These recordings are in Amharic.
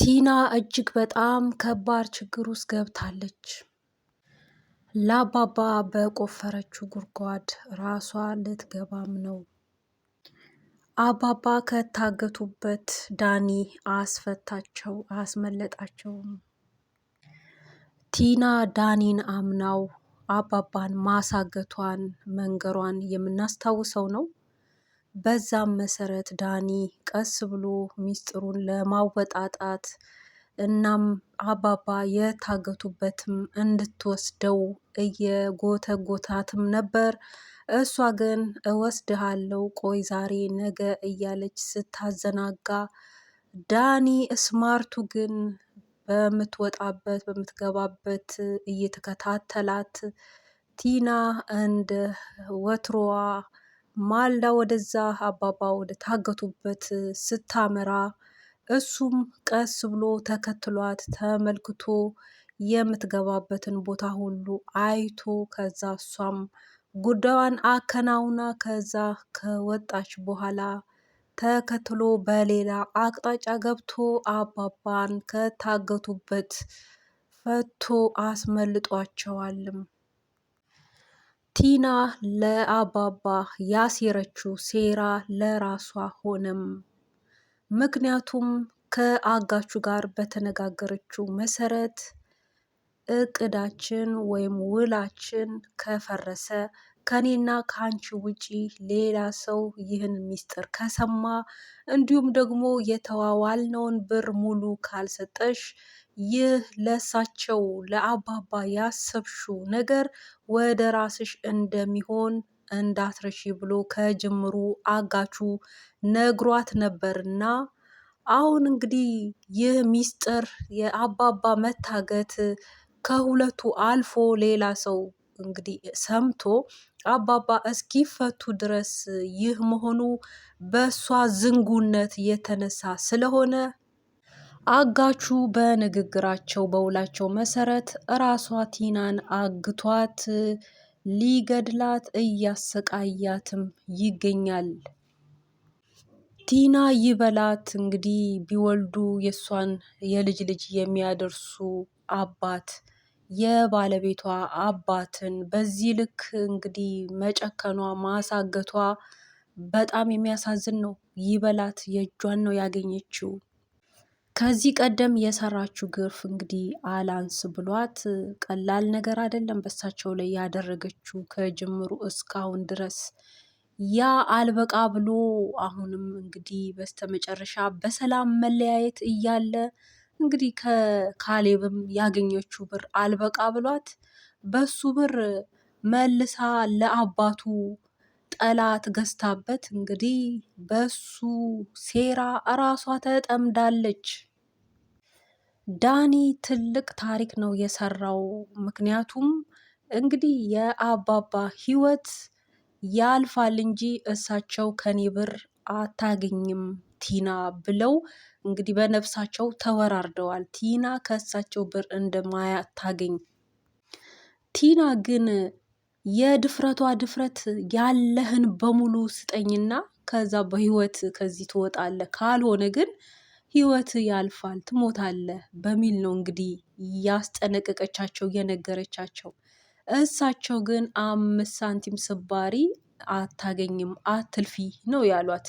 ቲና እጅግ በጣም ከባድ ችግር ውስጥ ገብታለች። ለአባባ በቆፈረችው ጉድጓድ ራሷ ልትገባም ነው። አባባ ከታገቱበት ዳኒ አስፈታቸው፣ አስመለጣቸውም። ቲና ዳኒን አምናው አባባን ማሳገቷን መንገሯን የምናስታውሰው ነው። በዛም መሰረት ዳኒ ቀስ ብሎ ሚስጥሩን ለማወጣጣት እናም አባባ የታገቱበትም እንድትወስደው እየጎተጎታትም ነበር። እሷ ግን እወስድሃለው ቆይ ዛሬ ነገ እያለች ስታዘናጋ፣ ዳኒ ስማርቱ ግን በምትወጣበት በምትገባበት እየተከታተላት ቲና እንደ ወትሮዋ ማልዳ ወደዛ አባባ ወደ ታገቱበት ስታመራ እሱም ቀስ ብሎ ተከትሏት ተመልክቶ የምትገባበትን ቦታ ሁሉ አይቶ ከዛ እሷም ጉዳዩን አከናውና ከዛ ከወጣች በኋላ ተከትሎ በሌላ አቅጣጫ ገብቶ አባባን ከታገቱበት ፈቶ አስመልጧቸዋልም። ቲና ለአባባ ያሴረችው ሴራ ለራሷ ሆነም። ምክንያቱም ከአጋቹ ጋር በተነጋገረችው መሰረት እቅዳችን ወይም ውላችን ከፈረሰ ከኔና ከአንቺ ውጪ ሌላ ሰው ይህን ሚስጥር ከሰማ እንዲሁም ደግሞ የተዋዋልነውን ብር ሙሉ ካልሰጠሽ ይህ ለሳቸው ለአባባ ያሰብሽው ነገር ወደ ራስሽ እንደሚሆን እንዳትረሺ ብሎ ከጅምሩ አጋቹ ነግሯት ነበርና አሁን እንግዲህ ይህ ሚስጥር የአባባ መታገት ከሁለቱ አልፎ ሌላ ሰው እንግዲህ ሰምቶ አባባ እስኪፈቱ ድረስ ይህ መሆኑ በእሷ ዝንጉነት የተነሳ ስለሆነ አጋቹ በንግግራቸው በውላቸው መሰረት እራሷ ቲናን አግቷት ሊገድላት እያሰቃያትም ይገኛል። ቲና ይበላት እንግዲህ ቢወልዱ የእሷን የልጅ ልጅ የሚያደርሱ አባት የባለቤቷ አባትን በዚህ ልክ እንግዲህ መጨከኗ ማሳገቷ በጣም የሚያሳዝን ነው። ይበላት የእጇን ነው ያገኘችው። ከዚህ ቀደም የሰራችው ግርፍ እንግዲህ አላንስ ብሏት ቀላል ነገር አይደለም። በሳቸው ላይ ያደረገችው ከጅምሩ እስካሁን ድረስ ያ አልበቃ ብሎ አሁንም እንግዲህ በስተመጨረሻ በሰላም መለያየት እያለ እንግዲህ ከካሌብም ያገኘችው ብር አልበቃ ብሏት በሱ ብር መልሳ ለአባቱ ጠላት ገዝታበት እንግዲህ በሱ ሴራ እራሷ ተጠምዳለች። ዳኒ ትልቅ ታሪክ ነው የሰራው። ምክንያቱም እንግዲህ የአባባ ህይወት ያልፋል እንጂ እሳቸው ከኔ ብር አታገኝም ቲና ብለው እንግዲህ በነፍሳቸው ተወራርደዋል። ቲና ከእሳቸው ብር እንደማያታገኝ ቲና ግን የድፍረቷ ድፍረት ያለህን በሙሉ ስጠኝና ከዛ በህይወት ከዚህ ትወጣለህ፣ ካልሆነ ግን ህይወት ያልፋል ትሞታለህ በሚል ነው እንግዲህ ያስጠነቀቀቻቸው የነገረቻቸው። እሳቸው ግን አምስት ሳንቲም ስባሪ አታገኝም አትልፊ ነው ያሏት፣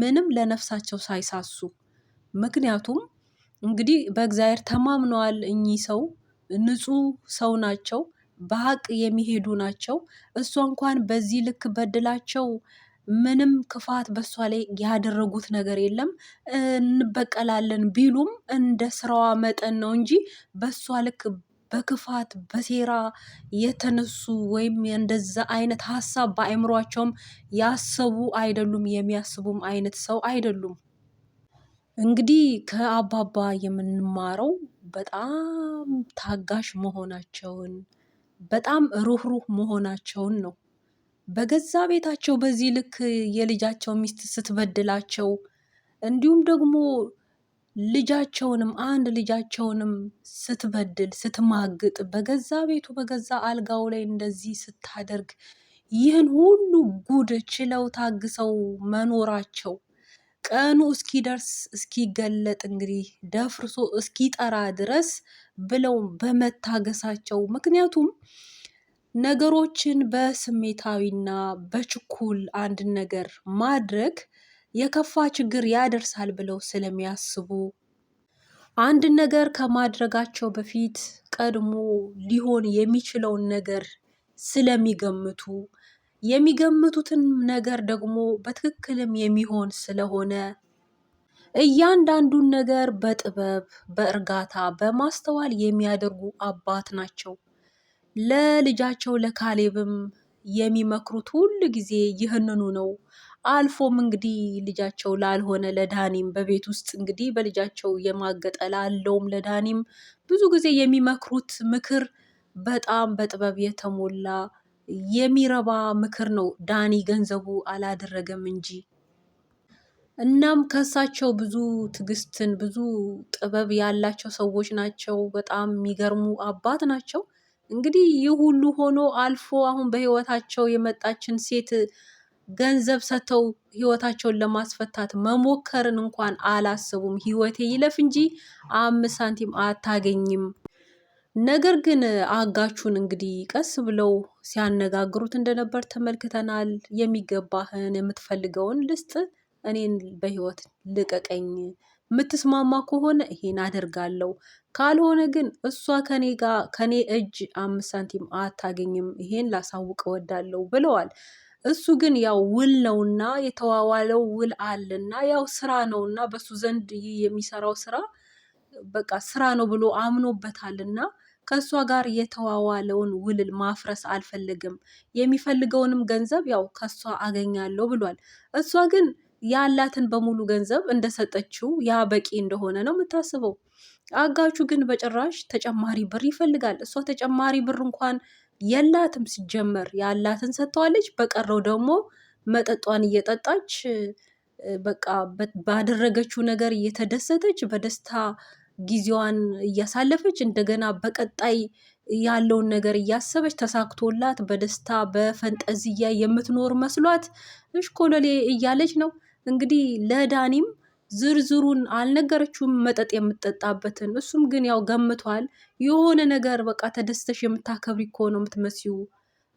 ምንም ለነፍሳቸው ሳይሳሱ። ምክንያቱም እንግዲህ በእግዚአብሔር ተማምነዋል እኚህ ሰው ንጹህ ሰው ናቸው። በሀቅ የሚሄዱ ናቸው። እሷ እንኳን በዚህ ልክ በድላቸው ምንም ክፋት በእሷ ላይ ያደረጉት ነገር የለም። እንበቀላለን ቢሉም እንደ ስራዋ መጠን ነው እንጂ በእሷ ልክ በክፋት በሴራ የተነሱ ወይም እንደዛ አይነት ሀሳብ በአእምሯቸውም ያሰቡ አይደሉም፣ የሚያስቡም አይነት ሰው አይደሉም። እንግዲህ ከአባባ የምንማረው በጣም ታጋሽ መሆናቸውን በጣም ሩህሩህ መሆናቸውን ነው። በገዛ ቤታቸው በዚህ ልክ የልጃቸው ሚስት ስትበድላቸው እንዲሁም ደግሞ ልጃቸውንም አንድ ልጃቸውንም ስትበድል ስትማግጥ በገዛ ቤቱ በገዛ አልጋው ላይ እንደዚህ ስታደርግ ይህን ሁሉ ጉድ ችለው ታግሰው መኖራቸው ቀኑ እስኪደርስ እስኪገለጥ እንግዲህ ደፍርሶ እስኪጠራ ድረስ ብለው በመታገሳቸው ምክንያቱም ነገሮችን በስሜታዊና በችኩል አንድ ነገር ማድረግ የከፋ ችግር ያደርሳል ብለው ስለሚያስቡ አንድ ነገር ከማድረጋቸው በፊት ቀድሞ ሊሆን የሚችለውን ነገር ስለሚገምቱ የሚገምቱትን ነገር ደግሞ በትክክልም የሚሆን ስለሆነ እያንዳንዱን ነገር በጥበብ በእርጋታ በማስተዋል የሚያደርጉ አባት ናቸው። ለልጃቸው ለካሌብም የሚመክሩት ሁል ጊዜ ይህንኑ ነው። አልፎም እንግዲህ ልጃቸው ላልሆነ ለዳኒም በቤት ውስጥ እንግዲህ በልጃቸው የማገጠ ላለውም ለዳኒም ብዙ ጊዜ የሚመክሩት ምክር በጣም በጥበብ የተሞላ የሚረባ ምክር ነው ዳኒ ገንዘቡ አላደረገም እንጂ። እናም ከሳቸው ብዙ ትዕግስትን ብዙ ጥበብ ያላቸው ሰዎች ናቸው። በጣም የሚገርሙ አባት ናቸው። እንግዲህ ይህ ሁሉ ሆኖ አልፎ አሁን በህይወታቸው የመጣችን ሴት ገንዘብ ሰጥተው ህይወታቸውን ለማስፈታት መሞከርን እንኳን አላሰቡም። ህይወቴ ይለፍ እንጂ አምስት ሳንቲም አታገኝም ነገር ግን አጋቹን እንግዲህ ቀስ ብለው ሲያነጋግሩት እንደነበር ተመልክተናል። የሚገባህን የምትፈልገውን ልስጥ፣ እኔን በህይወት ልቀቀኝ፣ የምትስማማ ከሆነ ይሄን አደርጋለሁ፣ ካልሆነ ግን እሷ ከኔ ጋር ከኔ እጅ አምስት ሳንቲም አታገኝም፣ ይሄን ላሳውቅ እወዳለሁ ብለዋል። እሱ ግን ያው ውል ነውና የተዋዋለው ውል አለና ያው ስራ ነውና በሱ ዘንድ ይህ የሚሰራው ስራ በቃ ስራ ነው ብሎ አምኖበታልና ከእሷ ጋር የተዋዋለውን ውልል ማፍረስ አልፈልግም። የሚፈልገውንም ገንዘብ ያው ከእሷ አገኛለሁ ብሏል። እሷ ግን ያላትን በሙሉ ገንዘብ እንደሰጠችው ያ በቂ እንደሆነ ነው የምታስበው። አጋቹ ግን በጭራሽ ተጨማሪ ብር ይፈልጋል። እሷ ተጨማሪ ብር እንኳን የላትም ሲጀመር፣ ያላትን ሰጥተዋለች። በቀረው ደግሞ መጠጧን እየጠጣች በቃ ባደረገችው ነገር እየተደሰተች በደስታ ጊዜዋን እያሳለፈች እንደገና በቀጣይ ያለውን ነገር እያሰበች ተሳክቶላት በደስታ በፈንጠዝያ የምትኖር መስሏት እሽኮለሌ እያለች ነው። እንግዲህ ለዳኒም ዝርዝሩን አልነገረችውም፣ መጠጥ የምትጠጣበትን። እሱም ግን ያው ገምቷል። የሆነ ነገር በቃ ተደስተሽ የምታከብሪ እኮ ነው የምትመስዩ፣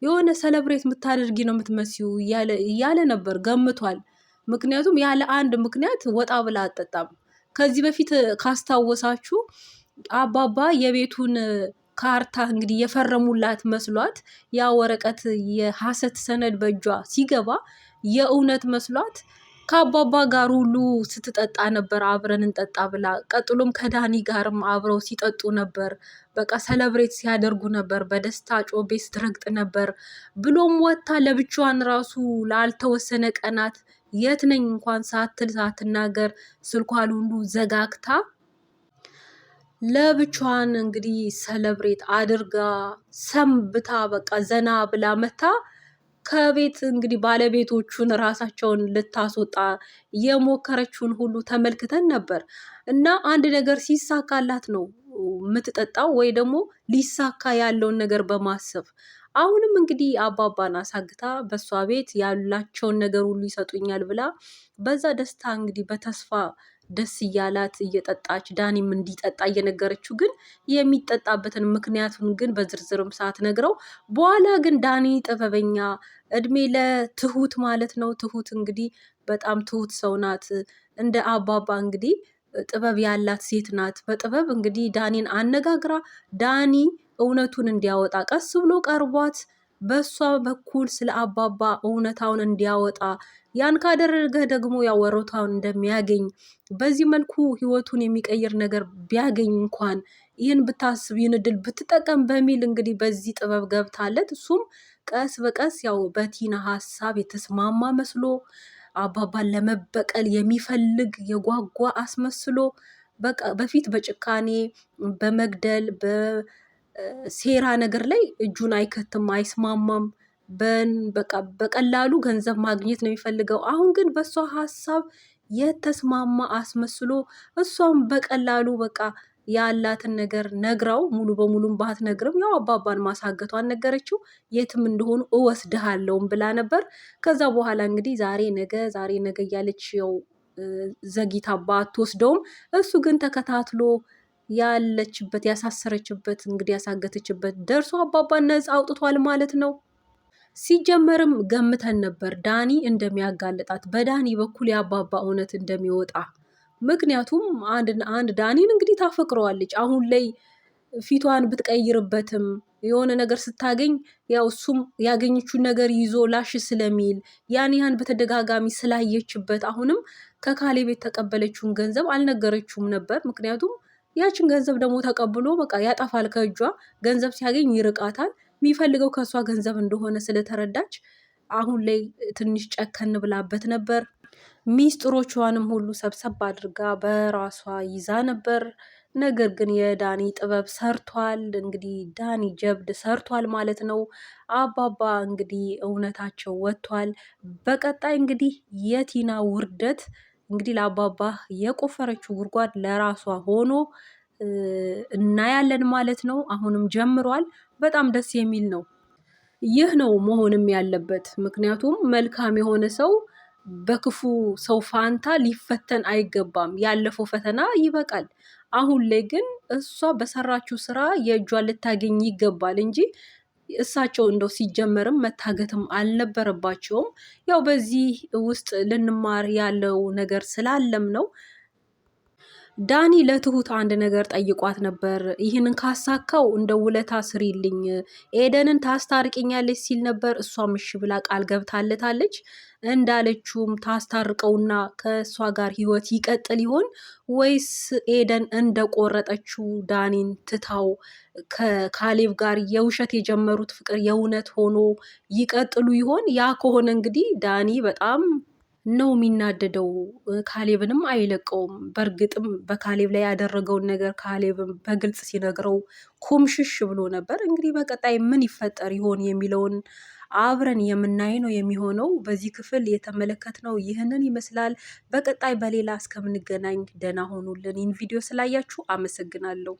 የሆነ ሰለብሬት የምታደርጊ ነው የምትመስዩ እያለ ነበር ገምቷል። ምክንያቱም ያለ አንድ ምክንያት ወጣ ብላ አጠጣም ከዚህ በፊት ካስታወሳችሁ አባባ የቤቱን ካርታ እንግዲህ የፈረሙላት መስሏት ያ ወረቀት የሐሰት ሰነድ በእጇ ሲገባ የእውነት መስሏት ከአባባ ጋር ሁሉ ስትጠጣ ነበር፣ አብረን እንጠጣ ብላ። ቀጥሎም ከዳኒ ጋርም አብረው ሲጠጡ ነበር። በቃ ሰለብሬት ሲያደርጉ ነበር። በደስታ ጮቤ ስትረግጥ ነበር። ብሎም ወታ ለብቻዋን ራሱ ላልተወሰነ ቀናት የት ነኝ እንኳን ሳትል ሳትናገር ስልኳን ሁሉ ዘጋግታ ለብቻዋን እንግዲህ ሰለብሬት አድርጋ ሰንብታ በቃ ዘና ብላ መታ ከቤት እንግዲህ ባለቤቶቹን ራሳቸውን ልታስወጣ የሞከረችውን ሁሉ ተመልክተን ነበር እና አንድ ነገር ሲሳካላት ነው የምትጠጣው ወይ ደግሞ ሊሳካ ያለውን ነገር በማሰብ አሁንም እንግዲህ አባባን አሳግታ በእሷ ቤት ያላቸውን ነገር ሁሉ ይሰጡኛል ብላ በዛ ደስታ እንግዲህ በተስፋ ደስ እያላት እየጠጣች ዳኒም እንዲጠጣ እየነገረችው ግን የሚጠጣበትን ምክንያቱን ግን በዝርዝርም ሰዓት ነግረው በኋላ ግን ዳኒ ጥበበኛ እድሜ ለትሁት ማለት ነው። ትሁት እንግዲህ በጣም ትሁት ሰው ናት። እንደ አባባ እንግዲህ ጥበብ ያላት ሴት ናት። በጥበብ እንግዲህ ዳኒን አነጋግራ ዳኒ እውነቱን እንዲያወጣ ቀስ ብሎ ቀርቧት በእሷ በኩል ስለ አባባ እውነታውን እንዲያወጣ ያን ካደረገ ደግሞ ያወሮታውን እንደሚያገኝ በዚህ መልኩ ህይወቱን የሚቀይር ነገር ቢያገኝ እንኳን ይህን ብታስብ ይህን እድል ብትጠቀም በሚል እንግዲህ በዚህ ጥበብ ገብታለት እሱም ቀስ በቀስ ያው በቲና ሀሳብ የተስማማ መስሎ አባባን ለመበቀል የሚፈልግ የጓጓ አስመስሎ በፊት በጭካኔ በመግደል ሴራ ነገር ላይ እጁን አይከትም፣ አይስማማም። በቀላሉ ገንዘብ ማግኘት ነው የሚፈልገው። አሁን ግን በእሷ ሀሳብ የተስማማ አስመስሎ እሷም በቀላሉ በቃ ያላትን ነገር ነግራው ሙሉ በሙሉም ባትነግርም ያው አባባን ማሳገቷን ነገረችው። የትም እንደሆኑ እወስድሃለሁም ብላ ነበር። ከዛ በኋላ እንግዲህ ዛሬ ነገ፣ ዛሬ ነገ እያለች ያው ዘግይታባ ባትወስደውም እሱ ግን ተከታትሎ ያለችበት ያሳሰረችበት እንግዲህ ያሳገተችበት ደርሶ አባባ ነፃ አውጥቷል ማለት ነው። ሲጀመርም ገምተን ነበር ዳኒ እንደሚያጋልጣት በዳኒ በኩል የአባባ እውነት እንደሚወጣ። ምክንያቱም አንድ ዳኒን እንግዲህ ታፈቅረዋለች። አሁን ላይ ፊቷን ብትቀይርበትም የሆነ ነገር ስታገኝ ያው እሱም ያገኘችውን ነገር ይዞ ላሽ ስለሚል ያን ያን በተደጋጋሚ ስላየችበት አሁንም ከካሌብ የተቀበለችውን ገንዘብ አልነገረችውም ነበር ምክንያቱም ያችን ገንዘብ ደግሞ ተቀብሎ በቃ ያጠፋል። ከእጇ ገንዘብ ሲያገኝ ይርቃታል። የሚፈልገው ከእሷ ገንዘብ እንደሆነ ስለተረዳች አሁን ላይ ትንሽ ጨከን ብላበት ነበር። ሚስጥሮቿንም ሁሉ ሰብሰብ አድርጋ በራሷ ይዛ ነበር። ነገር ግን የዳኒ ጥበብ ሰርቷል። እንግዲህ ዳኒ ጀብድ ሰርቷል ማለት ነው። አባባ እንግዲህ እውነታቸው ወጥቷል። በቀጣይ እንግዲህ የቲና ውርደት እንግዲህ ለአባባ የቆፈረችው ጉድጓድ ለራሷ ሆኖ እናያለን ማለት ነው። አሁንም ጀምሯል። በጣም ደስ የሚል ነው። ይህ ነው መሆንም ያለበት። ምክንያቱም መልካም የሆነ ሰው በክፉ ሰው ፋንታ ሊፈተን አይገባም። ያለፈው ፈተና ይበቃል። አሁን ላይ ግን እሷ በሰራችው ስራ የእጇን ልታገኝ ይገባል እንጂ እሳቸው እንደው ሲጀመርም መታገትም አልነበረባቸውም። ያው በዚህ ውስጥ ልንማር ያለው ነገር ስላለም ነው ዳኒ ለትሁት አንድ ነገር ጠይቋት ነበር። ይህንን ካሳካው እንደ ውለታ ስሪልኝ፣ ኤደንን ታስታርቅኛለች ሲል ነበር። እሷም እሺ ብላ ቃል ገብታለታለች። እንዳለችውም ታስታርቀውና ከእሷ ጋር ህይወት ይቀጥል ይሆን ወይስ ኤደን እንደቆረጠችው ዳኒን ትታው ከካሌብ ጋር የውሸት የጀመሩት ፍቅር የእውነት ሆኖ ይቀጥሉ ይሆን? ያ ከሆነ እንግዲህ ዳኒ በጣም ነው የሚናደደው። ካሌብንም አይለቀውም። በእርግጥም በካሌብ ላይ ያደረገውን ነገር ካሌብን በግልጽ ሲነግረው ኮምሽሽ ብሎ ነበር። እንግዲህ በቀጣይ ምን ይፈጠር ይሆን የሚለውን አብረን የምናይ ነው የሚሆነው። በዚህ ክፍል የተመለከትነው ይህንን ይመስላል። በቀጣይ በሌላ እስከምንገናኝ ደህና ሆኑልን። ይህን ቪዲዮ ስላያችሁ አመሰግናለሁ።